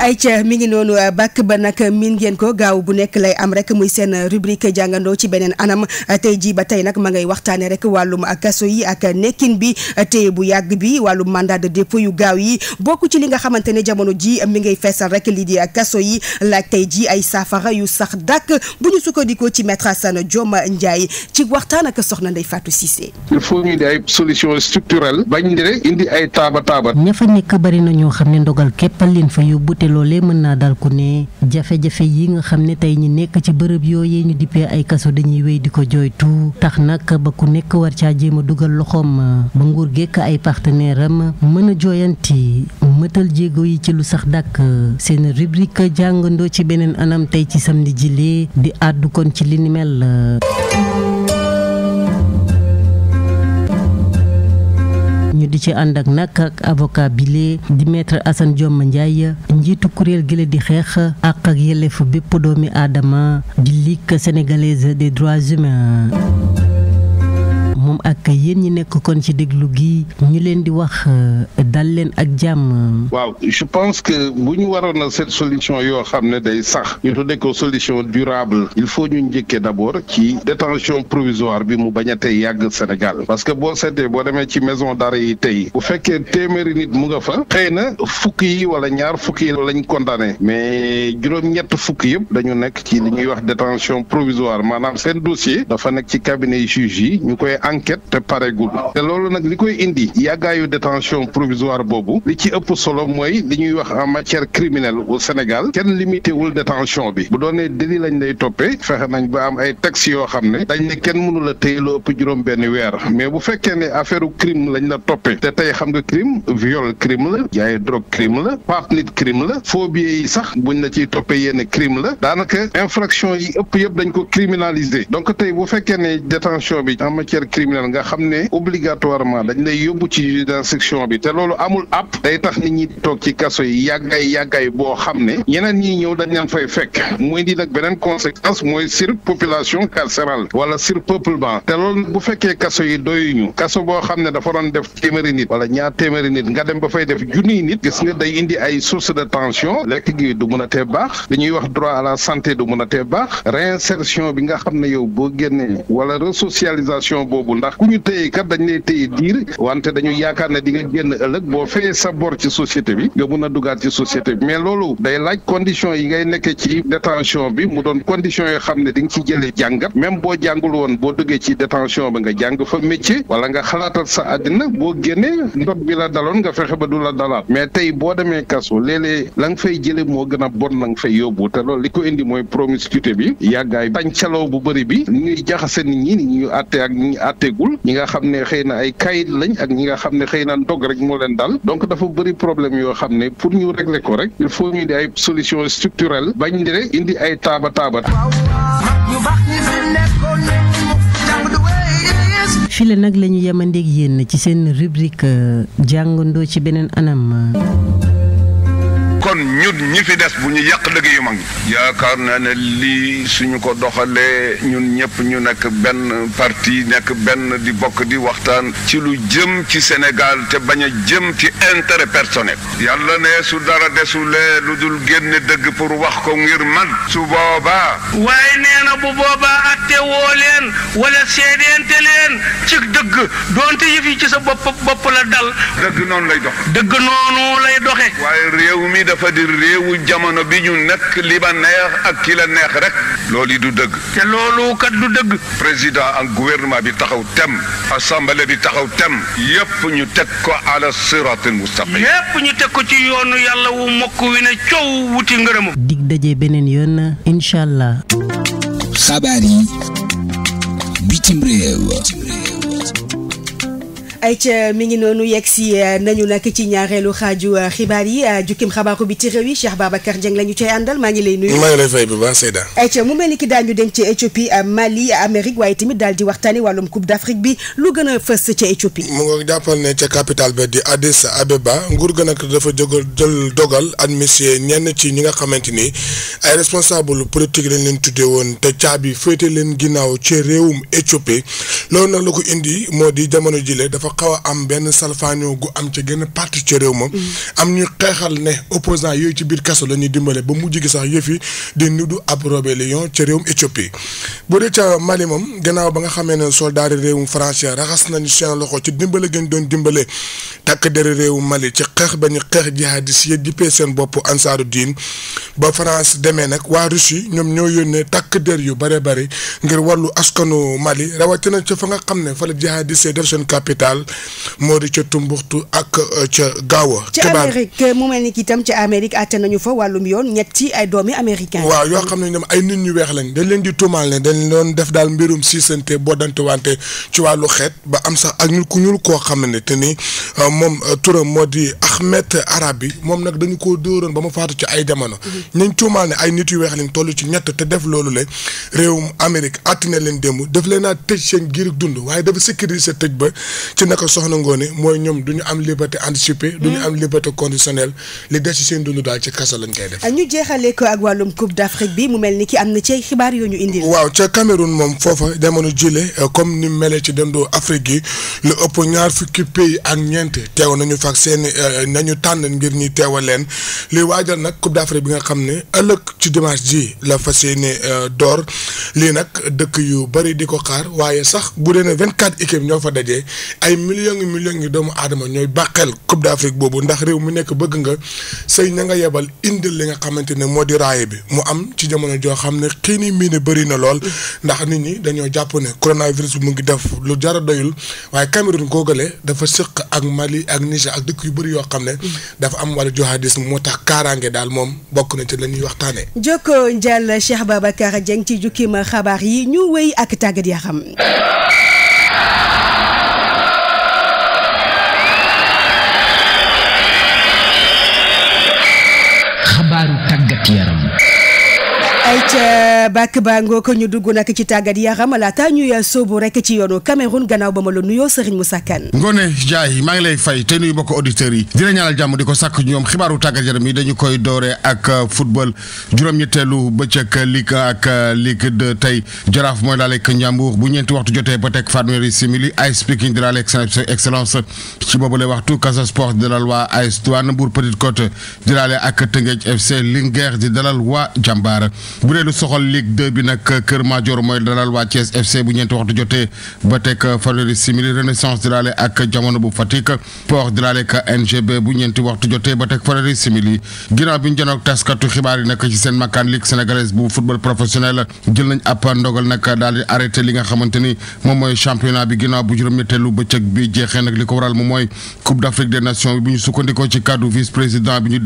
ay ayca mi ngi noonu euh, bàkk ba nag miin ngeen ko gaaw bu nekk lay am rek muy seen euh, rubrique jàngandoo ci beneen anam euh, tey jii ba tey nag ma ngay waxtaanee rek wàllum kaso yi ak nekkin bi téye bu yàgg bi wàllum mandat de dépôt yu gaaw yi bokk ci li nga xamante ne jamono ji mi ngay feesal rek lii di kaso yi laaj tey jii ay saafara yu sax dàkk bu ñu sukkandikoo ci maître Assane jomma Ndiaye ci waxtaan ak soxna Ndeye Fatou Cissé. il faut ñu di ay solution structurelle bañ di rek na ñoo xam ne ndogal loolee mën naa dal ku ne jafe-jafe yi nga xam ne tey ñi nekk ci bërëb yooyee ñu dippee ay kaso dañuy wéy di ko jooytu tax nag ba ku nekk war caa jéem a dugal loxoom ba nguur gékk ay partenaire am mën a jooyanti mëtal jéego yi ci lu sax dàkk seen rubrique jàngandoo ci beneen anam tey ci samedi jilee di àddu kon ci li ni mel ñu di ci ànd ak nag ak avocat bile di maître Assane Dioma Ndiaye njiitu kuréel gi di xeex ak ak yelleefu bépp doomi aadama di Ligue sénégalaise des droits humains ak yéen ñi nekk kon ci déglu gi ñu leen di wax euh, dal leen ak jàmm. waaw je pense que bu ñu waroon a cette solution yoo xam ne day sax ñu tuddee ko solution durable il faut ñu njëkkee d' abord ci détention provisoire bi mu bañ a tey yàgg Sénégal parce que boo seetee boo demee ci maison d'arrêt yi tey bu fekkee téeméeri nit mu nga fa xëy na fukk yi wala ñaar fukk yi lañ condamné mais juróom-ñett fukk yëpp dañu nekk ci li ñuy wax détention provisoire maanaam seen dossier dafa nekk ci enquête te paregul te loolu nag li koy indi yàggaayu détention provisoire boobu li ci ëpp solo mooy li ñuy wax en matière criminelle au Sénégal kenn limité wul détention bi bu doonee délit lañ lay toppee fexe nañ ba am ay textes yoo xam ne dañ ne kenn mënu la téye lu ëpp juróom benn weer mais bu fekkee ne affaire crime lañ la toppee te tey xam nga crime viol crime la jaay drogue crime la faat nit crime la phobie yi sax buñ la ciy toppee yenn crime la daanaka infraction yi ëpp yëpp dañ ko criminaliser donc tey bu fekkee ne criminel nga xam ne obligatoirement dañ lay yóbbu ci juge d'instruction bi te loolu amul app day tax ni ñi toog ci kaso yi yàggaay yàggaay boo xam ne ñeneen ñi ñëw dañ leen fay fekk muy di nag beneen conséquence mooy sir surpopulation carcérale wala sir surpeuplement te loolu bu fekkee kaso yi doyuñu kaso boo xam ne dafa doon def téeméeri nit wala ñaar téeméeri nit nga dem ba fay def junniy nit gis nga day indi ay source de tension lekk gi du mën a tee baax dañuy ñuy wax droit à du mën a tee baax réinsertion bi nga xam ne yow boo génnee ndax ku ñu téye kat dañ lay téye diir wante dañu yaakaar ne di nga génn ëllëg boo fayee sa bor ci société bi nga mun a dugaat ci société bi mais loolu day laaj condition yi ngay nekkee ci détention bi mu doon condition yoo xam ne di nga ci jëlee jàngat même boo jàngul woon boo duggee ci détention ba nga jàng fa métier wala nga xalaatal sa àddina boo génnee ndot bi la daloon nga fexe ba du la dalaat mais tey boo demee kaso léeg-léeg la nga fay jëlee moo gën a bon la nga fay yóbbu te loolu li ko indi mooy promiscuité bi bi ni ñuy jaxase nit ñi ni ñu àtte pareegul ñi nga xam ne xëy na ay kayit lañ ak ñi nga xam ne xëy na ndog rek moo leen dal donc dafa bëri problème yoo xam ne pour ñu régler ko rek il faut ñu ay solution structurelle bañ di indi ay taaba taaba. fii la nag la ñu yemandeeg yéen ci seen rubrique euh, jàngandoo ci beneen anam. kon ñun ñi fi des bu ñu yàq liggéey yu ma ñi. yaakaar naa ne lii suñu ko doxalee ñun ñëpp ñu nekk benn parti nekk benn di bokk di waxtaan ci lu jëm ci Sénégal te bañ a jëm ci intérêt personnel. yàlla ne su dara desulee lu dul génn dëgg pour wax ko ngir man. su boobaa. waaye nee na bu boobaa atte leen wala seedeente leen ci dëgg doonte yëf yi ci sa bopp bopp la dal. dëgg noonu lay dox. dëgg noonu lay doxe. waaye réew mi dafa dafa di réewu jamono bi ñu nekk li ba neex ak ki la neex rek loolu du dëgg te loolu kat du dëgg président ak gouvernement bi taxaw tem assemblée bi taxaw tem yépp ñu teg ko ala siratil mustaqim yépp ñu teg ko ci yoonu yàlla wu mokk wi ne coow wuti ngërëmam dig daje beneen yoon incha allah yi bitim réew ay ayca mi ngi noonu yegg si eh, nañu nag ci ñaareelu xaaju eh, xibaar yi eh, jukkim xabaaru bi ci réew yi Cheikh Babacar Dieng la ñu cay àndal maa ngi lay nuyu. maa ngi lay fay bu baax Seyda. ayca mu mel ni ki daañu dem ci Éthiopie Mali Amérique waaye tamit daal di waxtaanee wàllum Coupe d'Afrique bi lu gën a fës ca Éthiopie. mu ngi jàppal ne ca capitale ba di Addis Abeba nguur ga nag dafa jogal jël dogal admissier ñenn ci ñi nga xamante ni ay responsable politique lañ leen tuddee woon te caabi féete leen ginnaaw ci réewum Éthiopie loolu ko indi moo di jamono jile dafa dafa xaw a am benn salfaañoo gu am ci genn parti ci réew ma am ñu xeexal ne opposant yooyu ci biir kaso la ñuy dimbale ba mu gi sax yëf yi di nuddu ab rébellion ca réewum Éthiopie boo dee ca Mali moom gannaaw ba nga xamee ne soldaari réewum France raxas nañu seen loxo ci dimbale gën doon dimbale takk deri réewum Mali ci xeex ba ñu xeex jihadis yi dippee seen bopp ansaaru diin ba France demee nag waa Russie ñoom ñoo yónnee takk der yu bare bare ngir wàllu askanu Mali rawatina ca fa nga xam ne fa la jihadis yi def seen capital Sénégal moo di ca Tumbuxtu ak euh, ca Gaawa. ca Amérique mu mel ni itam ca Amérique àtte nañu fa wàllum yoon ñetti ay doomi yoo xam ne ñoom ay nit ñu weex lañ dañ leen di tuumaal ne dañ def daal mbirum siisante boddante wante ci wàllu xeet ba am sax ak ku ñuul koo xam ne ni euh, moom euh, turam moo di Ahmed bi moom nag dañu ko dóoroon ba mu faatu ci ay jamono. Mm-hmm. nañ tuumaal ne ay nit yu weex lañ toll ci ñett te def loolu la réewum Amérique àtte na leen démb daf leen a tëj seen giirug dund waaye dafa sécuriser tëj ba ci naka soxna Ngoné mooy ñoom du ñu am liberté anticipée. du ñu am liberté conditionnel li des ci seen dund daal ci kaso lañ koy def. ñu jeexalee ko ak wàllum coupe d'Afrique bi mu mel ni ki am na ci xibaar yooyu ñu waaw ca Cameroun moom foofa jamono jile euh, comme ni melee ci dendoo Afrique yi lu ëpp ñaar fukki pays ak ñeent teew nañu fa seen euh, nañu tànn ngir ñi teewal leen li waajal nag coupe d'Afrique bi nga xam ne ëllëg ci dimanche ji la fas yéene euh, door lii nag dëkk yu bari di ko xaar waaye sax bu dee vingt quatre équipes ñoo fa dajee millions ngi millions ngi doomu aadama ñooy bàqeel Coupe d'Afrique boobu ndax réew mu nekk bëgg nga sëy ña nga yebal indi li nga xamante ne moo di raaye bi mu am ci jamono joo xam ne xii mii ne bëri na lool ndax nit ñi dañoo jàpp ne coronavirus bi mu ngi def lu jara doyul waaye Cameroun googale dafa sëq ak Mali ak Niger ak dëkk yu bëri yoo xam ne dafa am wàllu jihadisme moo tax kaaraange daal moom bokk nañ ci la ñuy waxtaanee jokko njal Cheikh Babacar Dieng ci ma xabaar yi ñu wéy ak tàggat yaa xam ci yaram ay ca bàkk bàngoo ko ñu dugg nag ci tàggat yaram laata ñuy sóobu rek ci yoonu Cameroun gannaaw ba ma la nuyoo Serigne Moussa Kane Ngone Ndiaye maa ngi lay fay te nuyu bokk auditeurs yi dina ñaanal jàmm di ko sàkk ñoom xibaaru tàggat yaram yi dañu koy doore ak football juróom-ñetteelu bëccëg Ligue ak Ligue 2 tey Jaraaf mooy daal ak Njàmbur bu ñeenti waxtu jotee ba tek fanweeri simili AS Pikine di daal excellence ci boobu lay waxtu Casa Sport di dalal waa AS Douanes Mbour Petite di daal ak Tëngéej FC Linguère di dalal waa Jàmbaar bu dee lu soxal Ligue 2 bi nag Kër Madior mooy dalal waa Thiès FC bu ñeenti waxtu jotee ba teg fanweeri simili Renaissance dalaale ak jamono bu Fatick Port dalaale ak NGB bu ñeenti waxtu jotee ba teg fanweeri simili ginnaaw bi ñu taskatu xibaar yi nag ci seen makkaan Ligue sénégalaise bu football professionnel jël nañ ab ndogal nag daal di li nga xamante ni moom mooy championnat bi ginnaaw bu juróom-ñetteelu bëccëg bi jeexee nag li ko waral moom mooy Coupe d'Afrique des Nations bi bu ñu sukkandikoo ci kàddu vice président bi ñu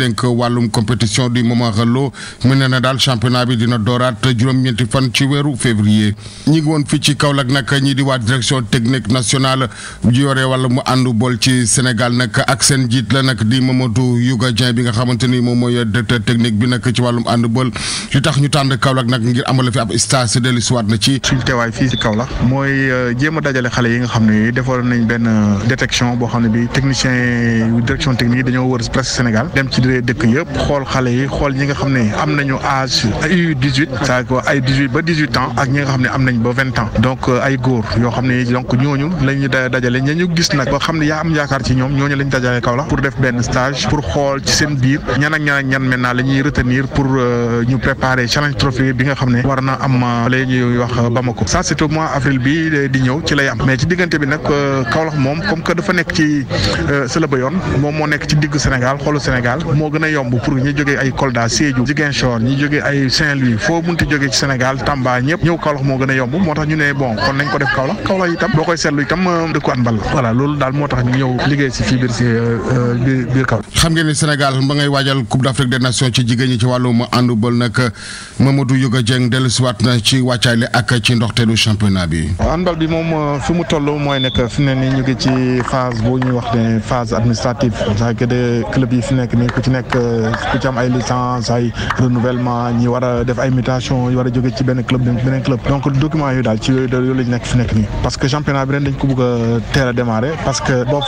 dina dooraat juróom-ñeenti fan ci weeru février ñi ngi woon fii ci Kaolack nag ñii di waa direction technique nationale ji yore wala mu àndu bool ci Sénégal nag ak seen jiit la nag di Mamadou Youga Dieng bi nga xamante ni moom mooy directeur technique bi nag ci wàllum àndu bool li tax ñu tànn Kaolack nag ngir amal fi ab stage dellusiwaat na ci. suñu teewaay fii ci Kaolack mooy euh, jéem a dajale xale yi nga xam ne defoon nañ benn euh, détection boo xam ne bi technicien yu direction technique yi dañoo wër presque Sénégal dem ci dëkk yëpp xool xale yi xool ñi nga xam ne am nañu 18 18 c'est-à-dire que ay 18 ba 18 ans ak ñi nga xam ne am nañ ba 20 ans donc euh, ay góor yoo xam ne donc ñooñu lañu dajale ñu gis nag ba xam ne yaa am yaakaar ci ñoom ñooñu lañ dajale kaw pour def benn stage pour xool ci seen biir ñan ak ñan ak ñan maintenant la pour euh, ñu préparer challenge trophée bi nga xam ne war na am euh, la ñuy wax Bamako ça c'est mois avril bi di ñëw ci lay am mais ci diggante bi nag Kaolack moom comme que dafa nekk a yomb Saint-Louis foo munti jógee ci Sénégal Tamba ñëpp ñëw Kaolack moo gën a yomb moo tax ñu ne bon kon nañ ko def Kaolack Kaolack itam boo koy seetlu itam euh, dëkku an bal voilà loolu daal moo tax ñu ñëw liggéey si fii biir si euh, euh, biir biir Kaolack. xam ngeen Sénégal ba ngay waajal Coupe d'Afrique des Nations ci jigéen ñi ci wàllum handball nag Mamadou bi. moom fi mu toll mooy nekk fi ne nii ñu ngi ci phase bu ñuy wax ne phase administrative c'est que club yi fi nekk nii ku a def ay mutation parce que championnat bi ren dañ ko bëgg a teel a démarrer bu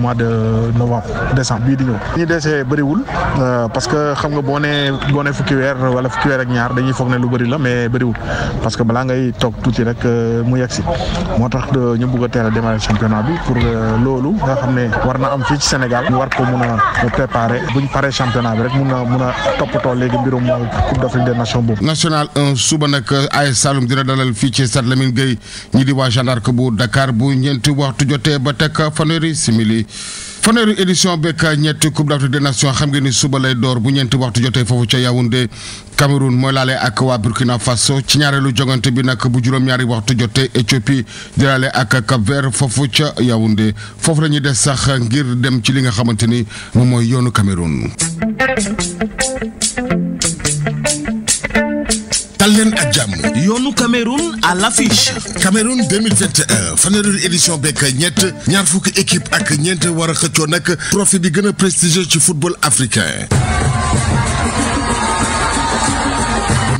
mois de novembre décembre bii euh, que xam nga boo nee boo nee fukki weer wala fukki weer ak ñaar dañuy foog ne lu bëri la mais bëriwul parce que balaa ngay toog tuuti rek euh, mu yegg si moo tax ñu bëgg a teel a championnat bi pour euh, loolu nga xam ne war na am fii ci Sénégal war ko mun a préparer bu ñu paree championnat bi rek mun a mun a toppatoo léegi mbirum euh, coupe d'Afrique des nations boobu. national 1 suba nag AS Saloum dina dalal fii ci stade Lamine Gueye ñi di waa gendarme bu Dakar bu ñeenti waxtu jotee ba teg fanweeri simili. faneeru édition bekk ñetti coupe d'Afrique des nations xam ngeen ni suba lay door bu ñeenti waxtu jotee foofu ca Yaoundé Cameroun mooy laale ak waa Burkina Faso ci ñaareelu jongante bi nag bu juróom-ñaari waxtu jotee Éthiopie di laale ak Cap Vert foofu ca Yaoundé foofu la ñuy des sax ngir dem ci li nga xamante ni moom mooy yoonu Cameroun. leen ak jàmm yoonu Cameroun à l'affiche Cameroun 2021 faneeru édition bekk ñett ñaar fukki équipe ak ñeent war a xëccoo nag trophée bi gën a prestigieux ci football africain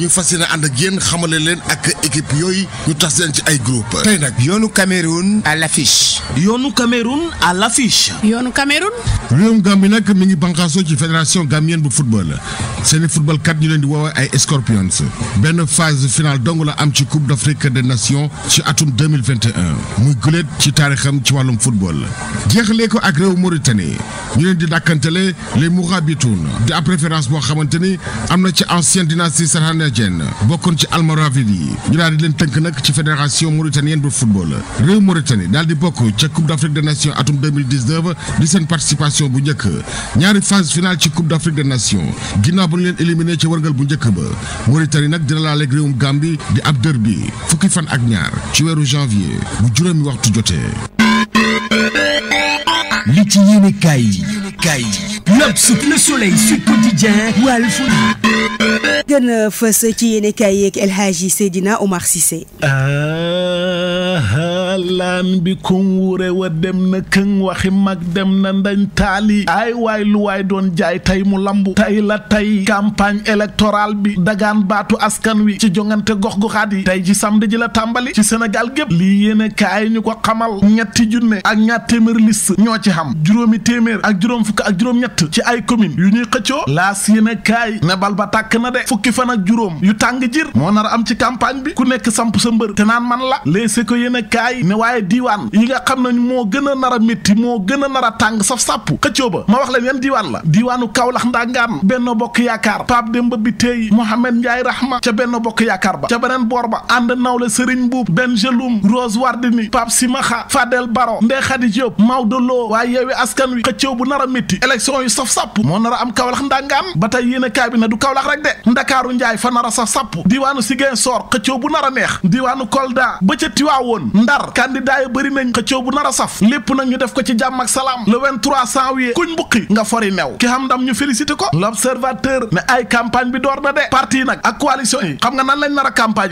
ñu fas yéene ànd ak yéen xamale leen ak équipe yooyu ñu tas leen ci ay groupe tey nag yoonu Cameroun à l'affiche yoonu Cameroun à l'affiche yoonu Cameroun nag mi ngi banqaasoo ci fédération gambienne bu football seeni football ñu leen di woowee ay Scorpions benn phase finale dong la am ci coupe d'Afrique des nations ci atum 2021 muy guléet ci taarixam ci wàllum football jeexalee ko ak réew Mauritanie ñu leen di dàkkantele les Mourabitoun di ab boo xamante ni am na ci ancienne dynastie mauritanienne bokkoon ci almoravide yi ñu leen tënk ci fédération mauritanienne de football réew Mauritanie daal di bokk ca coupe d' afrique des nations atum 2019 di seen participation bu njëkk ñaari phase finale ci coupe d' afrique des nations ginnaaw ba ñu leen éliminé ci wërngal bu njëkk ba Mauritanie nag dina laaleeg réewum Gambie di ab derby fukki fan ak ñaar ci weeru janvier bu juróomi waxtu jotee. li ci yéene kaay yi. kaay yi. L'Obs, Le Soleil, Sud Quotidien, Walf. gën a fës ci i kaay yeeg El Hadji Seydina Omar laan bi kunwure wa dem na këng waxi mag dem na ndañ taali ay waay lu waay doon jaay tey mu lambu tey la tey campagne électorale bi dagaan baatu askan wi ci jongante gox goxaat yi tey ci samedi ji la tàmbali ci Sénégal gépp lii yéen kaay ñu ko xamal ñetti junne ak ñaar téeméer liste ñoo ci xam juróomi téeméer ak juróom fukk ak juróom-ñett ci ay commune yu ñuy xëccoo laas yéen kaay ba tàkk na de fukki fan ak juróom yu tàng jir moo nar am ci campagne ne waaye diiwaan yi nga xam na ne moo gën a nar a métti moo gën a nar a tàng saf sàpp xëccoo ba ma wax leen yan diiwaan la diiwaanu Kaolack ndangaan Benno Bokk Yaakaar Pape Demba Bitèye Mohamed Ndiaye Rahma ca Benno Bokk Yaakaar ba ca beneen boor ba ànd nawle Serigne Mboup Ben Jelum Rose Wardini Pape Simaxa Fadel Baro Ndeye Khady Diop Maodo Lo waa yeewi askan wi xëccoo bu nar a métti élection yu saf sàpp moo nar am Kaolack ndangaan ba tey yéen a kaay du Kaolack rek de Ndakaaru Ndiaye fa nar a saf sàpp diiwaanu Ziguinchor xëccoo bu nar a neex diiwaanu Kolda ba ca Tiwaawoon Ndar candidat yi bëri nañ xëccoo a saf lépp nag ñu def ko ci jàmm ak salaam le 23 janvier kuñ mbuqi nga fori new ki xam ndam ñu félicité ko l'observateur ne ay campagne bi door na de parti yi nag ak coalition yi xam nga nan lañ nara a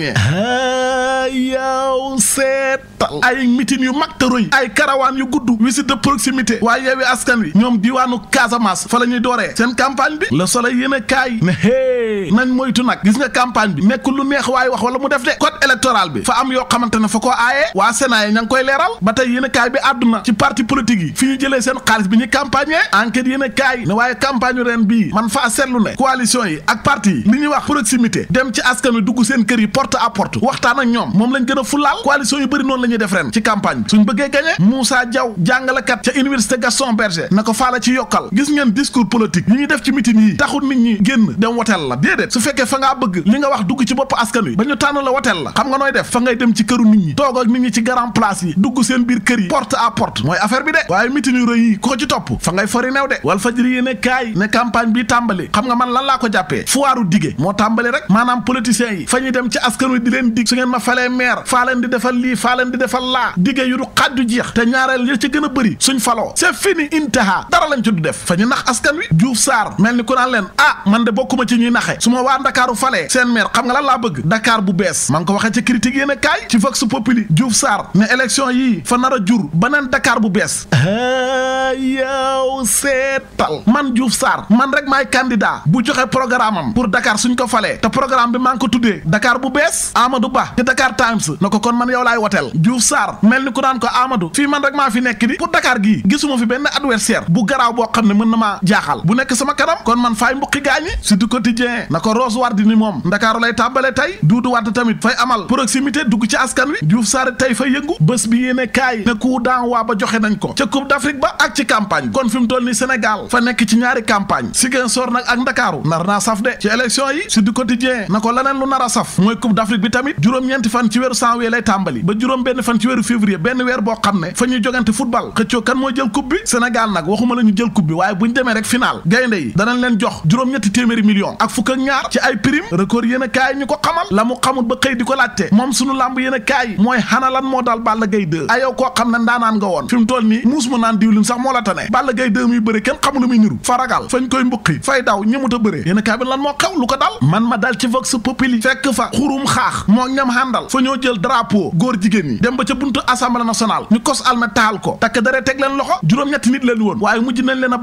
e yow seetal ay mitin yu mag te rëy ay karawaan yu gudd visite de proximité waaye yeewi askan wi ñoom diwaanu Casamance fa la ñuy dooree seen campagne bi la soleil yéen a kaay ne hee nañ moytu nag gis nga campagne bi nekkul lu neex waaye wax mu def de code bi am mécénat yi ña ngi koy leeral ba tey yéen kaay bi àdduna ci parti politique yi fi ñu jëlee seen xaalis bi ñu campagne enquête yéen kaay ne waaye campagne ren bii man faa seetlu ne coalition yi ak parti li ñuy wax proximité dem ci askan wi dugg seen kër yi porte à porte waxtaan ñoom moom lañ gën a fulaal coalition yu bëri noonu la ñuy def ren ci campagne bi suñ bëggee gagné Moussa Diaw jàngalekat yi ñuy def ci mitin yi taxul nit ñi génn dem woteel la déedéet su fekkee fa ngaa bëgg li nga ñu tànn la woteel la xam nga nooy def fa ngay ci këru nit ñi grand dugg seen biir kër yi porte à porte mooy affaire bi de waaye mitin yi ko ci topp fa ngay fori de wal fajri yéene kaay ne campagne bi tàmbali xam nga man lan laa ko jàppee fuwaaru dige moo tàmbali rek maanaam politiciens yi fa ñuy dem ci askan wi di leen dig su ma falee maire faa leen di defal lii faa leen di defal laa dige yu du xaddu jeex te ñaareel ya ci gën a bëri suñ faloo c'est fini intaha dara lañ ci du def fa ñu nax askan wi Diouf mais élection yii fa nar a jur beneen Dakar bu bees yow seetal oh. man Diouf Sarr man rek maay candidat bu joxe programme am pour Dakar suñ ko falee te programme bi maa ngi ko tuddee Dakar bu bees Amadou Ba te Dakar Times na ko kon man yow laay woteel Diouf saar mel ni ku naan ko Amadou fii man rek maa fi nekk di pour dakaar gi gisuma fi benn adversaire bu garaaw boo xam ne mën na maa jaaxal bu nekk sama kanam kon man faay mbuqi gaañi si du quotidien na ko Rose moom Ndakaaru lay tàmbale tey Doudou Wade tamit fay amal proximité dugg ci askan wi Diouf Sarr tey yëngu bés ba a juróom benn fan ci weeru février benn weer boo xam ne fa jogante football xëccoo kan moo jël coupe bi nag waxuma la jël coupe bi waaye buñ demee rek final gaynde yi danañ leen jox juróom-ñetti téeméeri million ak fukk ñaar ci ay prime record yéen ñu ko xamal la mu ba xëy di ko laajte moom sunu làmb yéen mooy xana lan moo dal Balla Gaye 2 ayow ah, koo xam ne ndaanaan nga woon fi mu nii muus mu naan diwlin sax moo la tane Balla Gaye muy bëre kenn xamul muy niru faragal fañ koy mbuqi fay daw ñëmut a bëre yéen a lan moo xew lu ko dal man ma dal ci vox populi fekk fa xurum xaax moo ñam handal fa ñoo jël drapeau góor jigéen ñi dem ba ca buntu assemblée nationale ñu kos almet taal ko takk dara teg leen loxo juróom-ñetti nit leen woon waaye mujj nañ leen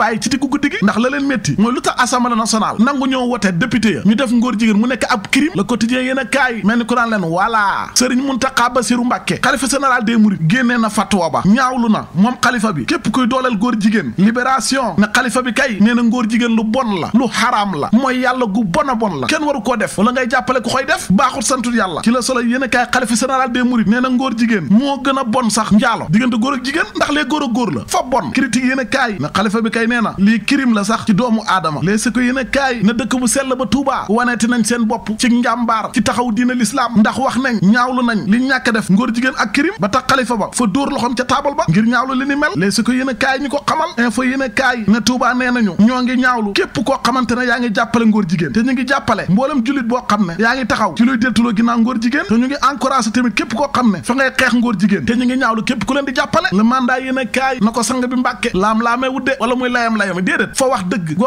a a général des mourides génnee na fatwa ba ñaawlu na moom xalifa bi képp kuy dooleel góor jigéen libération ne xalifa bi kay nee na ngóor jigéen lu bon la lu xaraam la mooy yàlla gu bon a bon la kenn waru koo def wala ngay jàppale ko koy def baaxut santul yàlla ci la solo yéen a kaay xalifa général des mourides nee na ngóor jigéen moo gën a bon sax njaalo diggante góor ak jigéen ndax lee góor ak góor la fa bon critique yéen a kaay ne xalifa bi kay nee na lii crime la sax ci doomu aadama les si ko yéen a kaay ne dëkk bu sell ba Tuubaa waneeti nañ seen bopp njàmbaar ci taxaw diina l'islam ndax wax nañ ñaawlu nañ li ñàkk def ngóor jigéen ak Karim ba tax ba fa dóor loxoom ca taabal ba ngir ñaawlu li ni mel léeg ko yéen a kaay ko xamal info yéen a kaay ne Touba nee nañu ñoo ngi ñaawlu képp koo xamante ne yaa ngi jàppale ngóor jigéen te ñu ngi jàppale mboolem jullit boo xam ne yaa ngi taxaw ci luy deltuloo ginnaaw ngóor jigéen te ñu ngi encouragé tamit képp koo xam ne fa ngay xeex ngóor jigéen te ñu ngi ñaawlu képp ku leen di jàppale le mandat yéen a kaay na ko sang bi mbàkke laam-laamee goo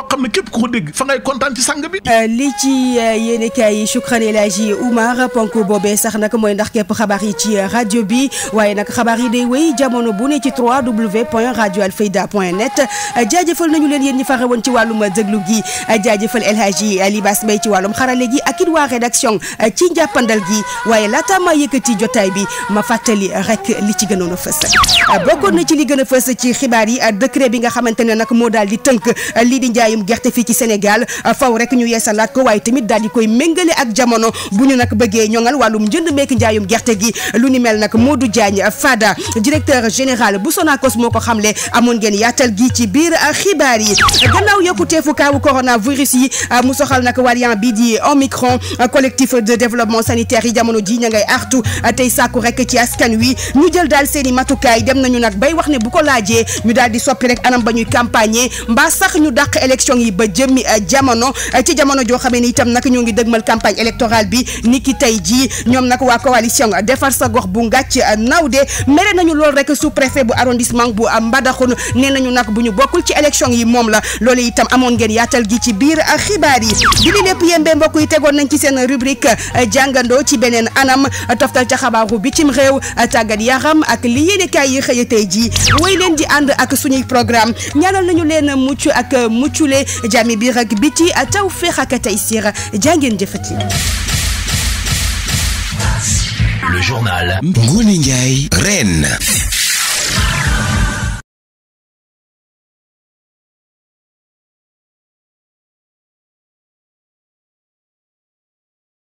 xam ne képp ku ko dégg euh, euh, a kaay yi Choukran El Hadji Oumar ponk boobee sax nag mooy waaye nag xabaar yi day wéy jamono bu ne ci 3w point radio alfayda point net jaajëfal nañu leen yéen ñi faxe woon ci wàllum déglu gi jaajëfal El Hadji Libaas Mbay ci wàllum xarale gi ak it waa rédaction ci njàppandal gi waaye laata ma yëkkati jotaay bi ma fàttali rek li ci gën a fës bokkoon na ci li gën a fës ci xibaar yi décret bi nga xamante ne nag moo daal di tënk lii di njaayum gerte fii ci Sénégal faw rek ñu yeesalaat ko waaye tamit daal di koy méngale ak jamono bu ñu nag bëggee ñoŋal wàllum njënd meek njaayum gerte gi lu ni Mamadou Diagne Fada directeur général bu Sonacos moo ko xamle amoon ngeen yaatal gi ci biir xibaar yi gannaaw yokkuteefu kaawu coronavirus yi mu soxal nag variant bii di Omicron collectif de développement sanitaire yi jamono ji ña ngay artu tey sàkku rek ci askan wi ñu jël daal seen i matukaay dem nañu nag bay wax ne bu ko laajee ñu daal di soppi rek anam ba ñuy campagne mbaa sax ñu dàq élection yi ba jëmmi eh, jamono ci jamono joo xamee ni itam nag ñoo ngi dëgmal Euh, naw de mere nañu lool rek sous préfet bu arrondissement bu euh, Mbadakhoune nee nañu nag bu ñu bokkul ci élection yi moom la loolu itam amoon ngeen yaatal gi ci biir euh, xibaar yi di li lépp yembe mbokk yi tegoon nañ ci seen rubrique jàngandoo ci beneen anam toftal ca xabaaru bitim réew tàggat yaram ak li yéenekaay yi xëy tey jii wéy leen di ànd ak suñuy programme ñaanal nañu leen mucc ak muccule jàmmi biir ak biti taw féex ak tey siir jàngeen jëfati Le journal Ngoné Ndiaye Reine